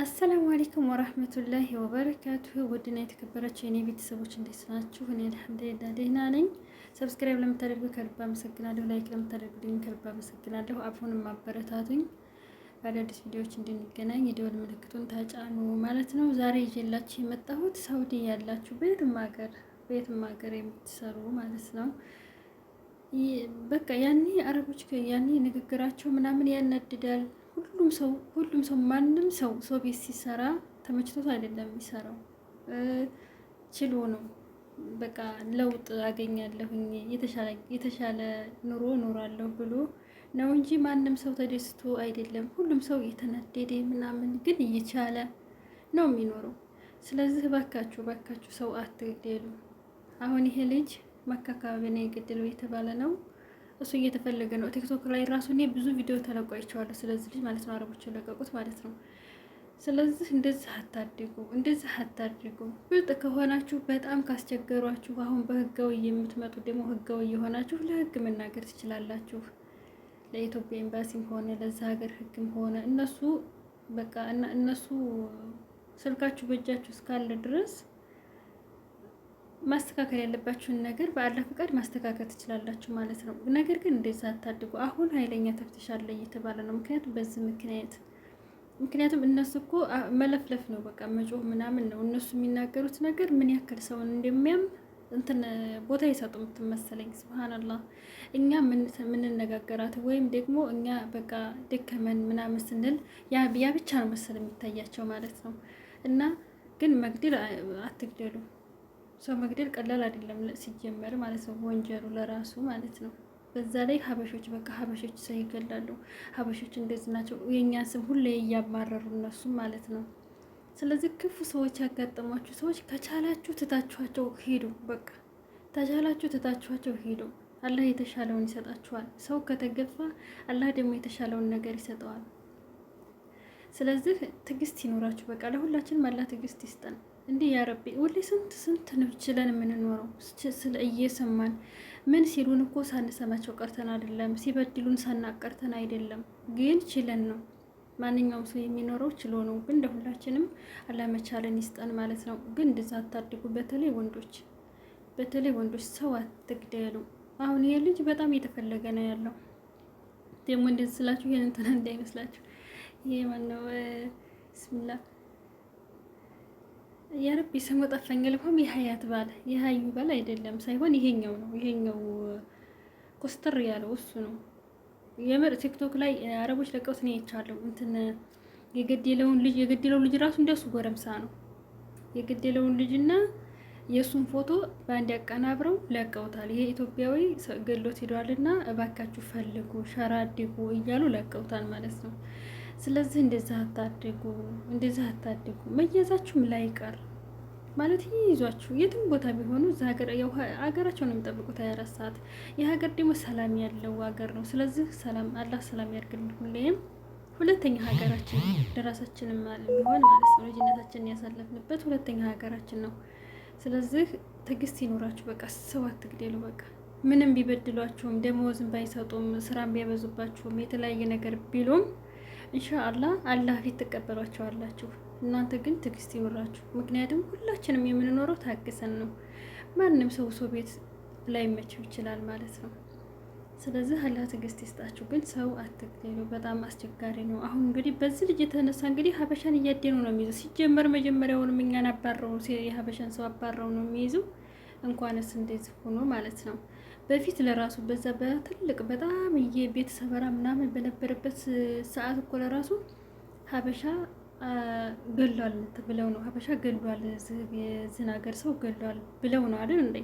አሰላሙ አለይኩም ወራህመቱላሂ ወበረካቱሁ ውድና የተከበራችሁ የኔ ቤተሰቦች እንዴት ናችሁ? እኔ አልሐምዱሊላህ ደህና ነኝ። ሰብስክራይብ ለምታደርጉ ከልብ አመሰግናለሁ። ላይክ ለምታደርጉልኝ ከልብ አመሰግናለሁ። አብሁንም ማበረታቱኝ በአዳዲስ ቪዲዮዎች እንድንገናኝ የደወል ምልክቱን ተጫኑ ማለት ነው። ዛሬ ይዤላችሁ የመጣሁት ሳውዲ ያላችሁ በየትም ሀገር በየትም ሀገር የምትሰሩ ማለት ነው በቃ ያኔ አረቦች ያኔ ንግግራቸው ምናምን ያናድዳል ሁሉም ሰው ሁሉም ሰው ማንም ሰው ሰው ቤት ሲሰራ ተመችቶት አይደለም የሚሰራው፣ ችሎ ነው። በቃ ለውጥ አገኛለሁኝ የተሻለ ኑሮ ኖራለሁ ብሎ ነው እንጂ ማንም ሰው ተደስቶ አይደለም። ሁሉም ሰው እየተናደደ ምናምን ግን እየቻለ ነው የሚኖረው። ስለዚህ ባካችሁ ባካችሁ ሰው አትግደሉ። አሁን ይሄ ልጅ መካ አካባቢ ነው የገደለው የተባለ ነው እሱ እየተፈለገ ነው። ቲክቶክ ላይ ራሱ እኔ ብዙ ቪዲዮ ተለቋይቸዋለሁ ስለዚህ ልጅ ማለት ነው። አረቦች ለቀቁት ማለት ነው። ስለዚህ እንደዚህ አታድጉ፣ እንደዚህ አታድጉ። ብልጥ ከሆናችሁ በጣም ካስቸገሯችሁ፣ አሁን በህጋዊ የምትመጡ ደግሞ ህጋዊ የሆናችሁ ለህግ መናገር ትችላላችሁ። ለኢትዮጵያ ኤምባሲም ሆነ ለዛ ሀገር ህግም ሆነ እነሱ በቃ እነሱ ስልካችሁ በእጃችሁ እስካለ ድረስ ማስተካከል ያለባችሁን ነገር በአላህ ፍቃድ ማስተካከል ትችላላችሁ ማለት ነው። ነገር ግን እንደዛ አታድጉ። አሁን ኃይለኛ ተፍትሽ አለ እየተባለ ነው። ምክንያቱም በዚህ ምክንያት ምክንያቱም እነሱ እኮ መለፍለፍ ነው በቃ መጮህ ምናምን ነው እነሱ የሚናገሩት ነገር ምን ያክል ሰውን እንደሚያም እንትን ቦታ ይሰጡ የምትመሰለኝ ስብሃናላህ። እኛ ምንነጋገራት ወይም ደግሞ እኛ በቃ ደከመን ምናምን ስንል ያ ብቻ ነው መሰል የሚታያቸው ማለት ነው። እና ግን መግደል አትግደሉ። ሰው መግደል ቀላል አይደለም ሲጀመር ማለት ነው፣ ወንጀሉ ለራሱ ማለት ነው። በዛ ላይ ሀበሾች በቃ ሀበሾች ሰው ይገላሉ። ሀበሾች እንደዚህ ናቸው። የእኛ ስም ሁሌ እያማረሩ እነሱም ማለት ነው። ስለዚህ ክፉ ሰዎች ያጋጠሟችሁ ሰዎች ከቻላችሁ ትታችኋቸው ሄዱ በቃ ተቻላችሁ ትታችኋቸው ሄዱ አላህ የተሻለውን ይሰጣችኋል። ሰው ከተገፋ አላህ ደግሞ የተሻለውን ነገር ይሰጠዋል። ስለዚህ ትዕግስት ይኖራችሁ። በቃ ለሁላችንም አላህ ትዕግስት ይስጠን። እንዲህ ያረቢ ወላሂ ስንት ስንት ነው ችለን የምንኖረው ስለ እየሰማን ምን ሲሉን እኮ ሳንሰማቸው ቀርተን አይደለም፣ ሲበድሉን ሳናቀርተን አይደለም። ግን ችለን ነው ማንኛውም ሰው የሚኖረው ችሎ ነው። ግን ለሁላችንም አላመቻለን ይስጠን ማለት ነው። ግን እንደዛ አታድጉ። በተለይ ወንዶች በተለይ ወንዶች ሰው አትግደሉ። አሁን ይህ ልጅ በጣም እየተፈለገ ነው ያለው። ደግሞ እንደዚህ ስላችሁ ይሄን እንትን እንዳይመስላችሁ ይሄ ማነው ብስሚላ የረቢ ስሙ ጠፈኝ። ልኩም የሀያት ባል የሀዩ ባል አይደለም ሳይሆን ይሄኛው ነው። ይሄኛው ኮስተር ያለው እሱ ነው። የምር ቲክቶክ ላይ አረቦች ለቀውት ነው ይቻለው እንትን የገደለውን ልጅ የገደለውን ልጅ ራሱ እንደሱ ጎረምሳ ነው። የገደለውን ልጅና የእሱን ፎቶ በአንድ ያቀናብረው ለቀውታል። ይሄ ኢትዮጵያዊ ገሎት ሄዷልና እባካችሁ ፈልጉ፣ ሸራ አድርጉ እያሉ ለቀውታል ማለት ነው። ስለዚህ እንደዛ አታድጉ፣ እንደዛ አታድጉ። መያዛችሁም ላይቀር ማለት ይህ ይዟችሁ የትም ቦታ ቢሆኑ እዛ ሀገራቸውን የሚጠብቁት ሀያ አራት ሰዓት የሀገር ደግሞ ሰላም ያለው ሀገር ነው። ስለዚህ ሰላም አላህ ሰላም ያድርግልን ሁሌም። ሁለተኛ ሀገራችን ለራሳችንም ቢሆን ማለት ነው ልጅነታችንን ያሳለፍንበት ሁለተኛ ሀገራችን ነው። ስለዚህ ትግስት ይኖራችሁ። በቃ ሰው አትግደሉ። በቃ ምንም ቢበድሏችሁም፣ ደሞዝም ባይሰጡም፣ ስራም ቢያበዙባችሁም፣ የተለያየ ነገር ቢሉም ኢንሻአላህ አላህ ፊት ትቀበሏቸዋላችሁ። እናንተ ግን ትዕግስት ይኑራችሁ። ምክንያቱም ሁላችንም የምንኖረው ታግሰን ነው። ማንም ሰው ሰው ቤት ላይመቸው ይችላል ማለት ነው። ስለዚህ አላህ ትዕግስት ይስጣችሁ። ግን ሰው አትግደሉ፣ በጣም አስቸጋሪ ነው። አሁን እንግዲህ በዚህ ልጅ የተነሳ እንግዲህ ሀበሻን እያደኑ ነው የሚይዘው። ሲጀመር መጀመሪያውንም እኛን አባረው የሀበሻን ሰው አባረው ነው የሚይዘው። እንኳንስ እንዴት ሆኖ ማለት ነው። በፊት ለራሱ በዛ በትልቅ በጣም የቤት ሰበራ ምናምን በነበረበት ሰዓት እኮ ለራሱ ሀበሻ ገሏል ብለው ነው ሀበሻ ገሏል፣ የዝን ሀገር ሰው ገሏል ብለው ነው አይደል እንዴ?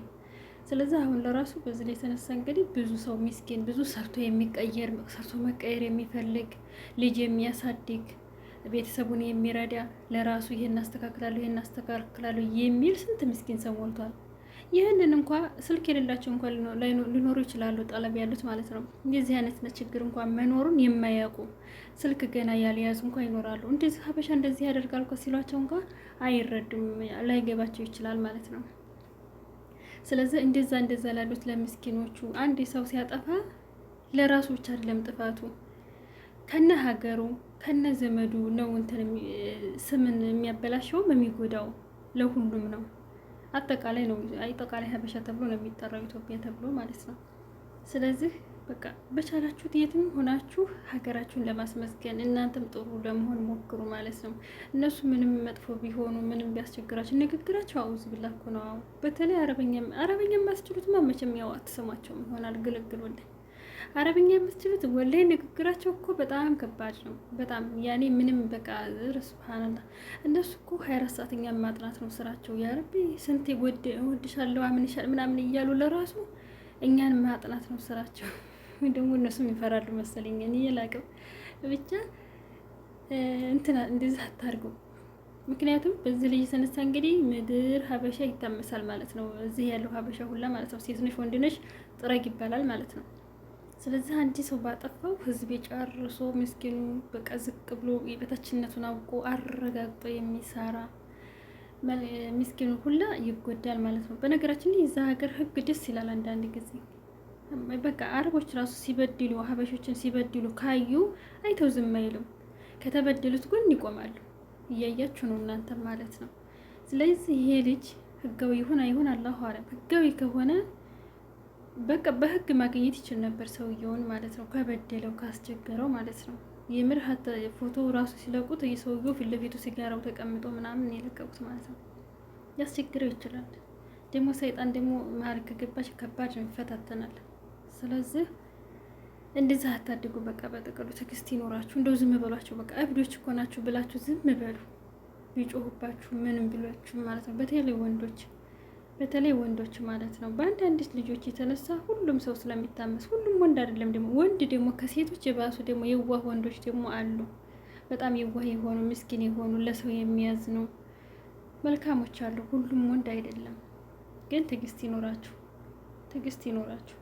ስለዚህ አሁን ለራሱ በዚህ ላይ የተነሳ እንግዲህ ብዙ ሰው ሚስኪን፣ ብዙ ሰርቶ የሚቀየር ሰርቶ መቀየር የሚፈልግ ልጅ የሚያሳድግ ቤተሰቡን የሚረዳ ለራሱ ይሄን አስተካክላለሁ ይሄን አስተካክላለሁ የሚል ስንት ምስኪን ሰው ሞልቷል። ይህንን እንኳ ስልክ የሌላቸው እንኳ ሊኖሩ ይችላሉ፣ ጠለብ ያሉት ማለት ነው። የዚህ አይነት ችግር እንኳ መኖሩን የማያውቁ ስልክ ገና ያልያዙ እንኳ ይኖራሉ። እንደዚህ ሀበሻ እንደዚህ ያደርጋል እኮ ሲሏቸው እንኳ አይረዱም፣ ላይገባቸው ይችላል ማለት ነው። ስለዚህ እንደዛ እንደዛ ላሉት ለምስኪኖቹ አንድ ሰው ሲያጠፋ ለራሱ ብቻ አይደለም ጥፋቱ ከነ ሀገሩ ከነ ዘመዱ ነው እንትን ስምን የሚያበላሸውም የሚጎዳው ለሁሉም ነው። አጠቃላይ ነው አጠቃላይ ሀበሻ ተብሎ ነው የሚጠራው ኢትዮጵያ ተብሎ ማለት ነው። ስለዚህ በቃ በቻላችሁት የትም ሆናችሁ ሀገራችሁን ለማስመስገን እናንተም ጥሩ ለመሆን ሞክሩ ማለት ነው። እነሱ ምንም መጥፎ ቢሆኑ ምንም ቢያስቸግራቸው ንግግራቸው አውዝ ብላ እኮ ነው። በተለይ አረበኛ አረበኛ የሚያስችሉትማ መቼም ያው አትሰማቸውም ይሆናል ግልግል ወላሂ አረብኛ የምትችሉት ወላሂ ንግግራቸው እኮ በጣም ከባድ ነው። በጣም ያኔ ምንም በቃ ስብሃንላ እነሱ እኮ ሀያ አራት ሰዓተኛ ማጥናት ነው ስራቸው። ያረቢ ስንቴ ወድሻለሁ አምንሻል ምናምን እያሉ ለራሱ እኛን ማጥናት ነው ስራቸው። ደግሞ እነሱም ይፈራሉ መሰለኝ እኔ የላቅም ብቻ እንትና እንደዛ አታርጉ። ምክንያቱም በዚህ ልጅ የተነሳ እንግዲህ ምድር ሀበሻ ይታመሳል ማለት ነው። እዚህ ያለው ሀበሻ ሁላ ማለት ነው። ሴት ነሽ ወንድ ነሽ ጥረግ ይባላል ማለት ነው። ስለዚህ አንድ ሰው ባጠፋው ህዝብ ጨርሶ ምስኪኑ በቃ ዝቅ ብሎ የበታችነቱን አውቆ አረጋግጦ የሚሰራ ምስኪኑ ሁላ ይጎዳል ማለት ነው። በነገራችን ላይ የዛ ሀገር ህግ ደስ ይላል። አንዳንድ ጊዜ በቃ አረቦች ራሱ ሲበድሉ ሀበሾችን ሲበድሉ ካዩ አይተው ዝም አይሉም። ከተበደሉት ጎን ይቆማሉ። እያያችሁ ነው እናንተ ማለት ነው። ስለዚህ ይሄ ልጅ ህጋዊ ይሁን አይሁን አላሁ አለም። ህጋዊ ከሆነ በቃ በህግ ማግኘት ይችል ነበር ሰውየውን ማለት ነው፣ ከበደለው ካስቸገረው ማለት ነው። የምር ፎቶ ራሱ ሲለቁት የሰውየው ፊት ለፊቱ ሲጋራው ተቀምጦ ምናምን የለቀቁት ማለት ነው። ያስቸግረው ይችላል። ደግሞ ሰይጣን ደግሞ መሀል ከገባች ከባድ ይፈታተናል። ስለዚህ እንደዚህ አታድጉ። በቃ በጥቅሉ ትዕግስት ይኖራችሁ። እንደው ዝም በሏቸው። በቃ እብዶች እኮ ናችሁ ብላችሁ ዝም በሉ። ቢጮሁባችሁ ምንም ብሏችሁ ማለት ነው። በተለይ ወንዶች በተለይ ወንዶች ማለት ነው። በአንዳንድ ልጆች የተነሳ ሁሉም ሰው ስለሚታመስ ሁሉም ወንድ አይደለም። ደግሞ ወንድ ደግሞ ከሴቶች የባሱ ደግሞ የዋህ ወንዶች ደግሞ አሉ። በጣም የዋህ የሆኑ ምስኪን የሆኑ ለሰው የሚያዝ ነው መልካሞች አሉ። ሁሉም ወንድ አይደለም። ግን ትዕግስት ይኖራችሁ፣ ትዕግስት ይኖራችሁ።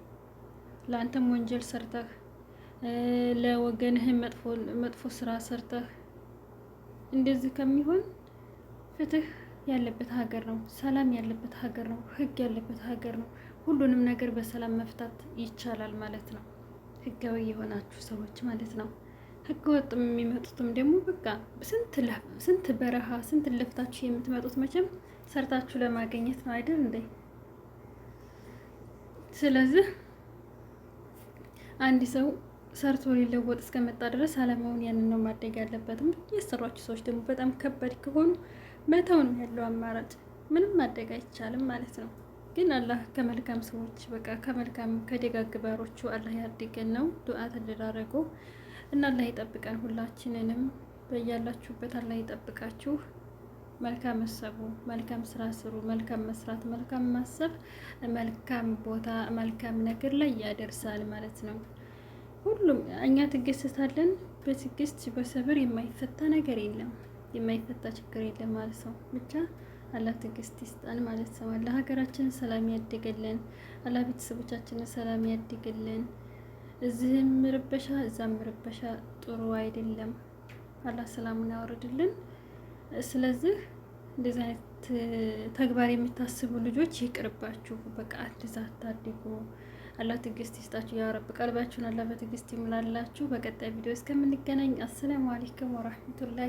ለአንተም ወንጀል ሰርተህ ለወገንህን መጥፎ ስራ ሰርተህ እንደዚህ ከሚሆን ፍትህ ያለበት ሀገር ነው። ሰላም ያለበት ሀገር ነው። ህግ ያለበት ሀገር ነው። ሁሉንም ነገር በሰላም መፍታት ይቻላል ማለት ነው። ህጋዊ የሆናችሁ ሰዎች ማለት ነው። ህገ ወጥም የሚመጡትም ደግሞ በቃ ስንት በረሃ ስንት ለፍታችሁ የምትመጡት መቼም ሰርታችሁ ለማገኘት ነው አይደል እንዴ? ስለዚህ አንድ ሰው ሰርቶ ሊለወጥ እስከመጣ ድረስ አላማውን ያንን ነው ማደግ ያለበትም። የሰሯችሁ ሰዎች ደግሞ በጣም ከባድ ከሆኑ መተው ነው ያለው አማራጭ። ምንም ማደግ አይቻልም ማለት ነው። ግን አላህ ከመልካም ሰዎች በቃ ከመልካም ከደጋግ ባሮቹ አላህ ያድገን ነው ዱዓ ተደራረጉ እና አላህ ይጠብቀን ሁላችንንም። በያላችሁበት አላህ ይጠብቃችሁ። መልካም መሰቡ፣ መልካም ስራ ስሩ፣ መልካም መስራት፣ መልካም ማሰብ፣ መልካም ቦታ፣ መልካም ነገር ላይ ያደርሳል ማለት ነው። ሁሉም እኛ ትግስት አለን። በትግስት በሰብር የማይፈታ ነገር የለም። የማይፈታ ችግር የለም ማለት ነው። ብቻ አላህ ትዕግስት ይስጣን ማለት ነው። አላህ ሀገራችንን ሰላም ያድግልን። አላህ ቤተሰቦቻችንን ሰላም ያድግልን። እዚህም ምርበሻ እዛም ምርበሻ ጥሩ አይደለም። አላህ ሰላሙን ያወርድልን። ስለዚህ እንደዚህ አይነት ተግባር የምታስቡ ልጆች ይቅርባችሁ። በቃ እንደዛ አታድጉ። አላህ ትዕግስት ይስጣችሁ። ያ ረብ ቀልባችሁን አላህ በትዕግስት ይምላላችሁ። በቀጣይ ቪዲዮ እስከምንገናኝ አሰላሙ አለይኩም ወራህመቱላሂ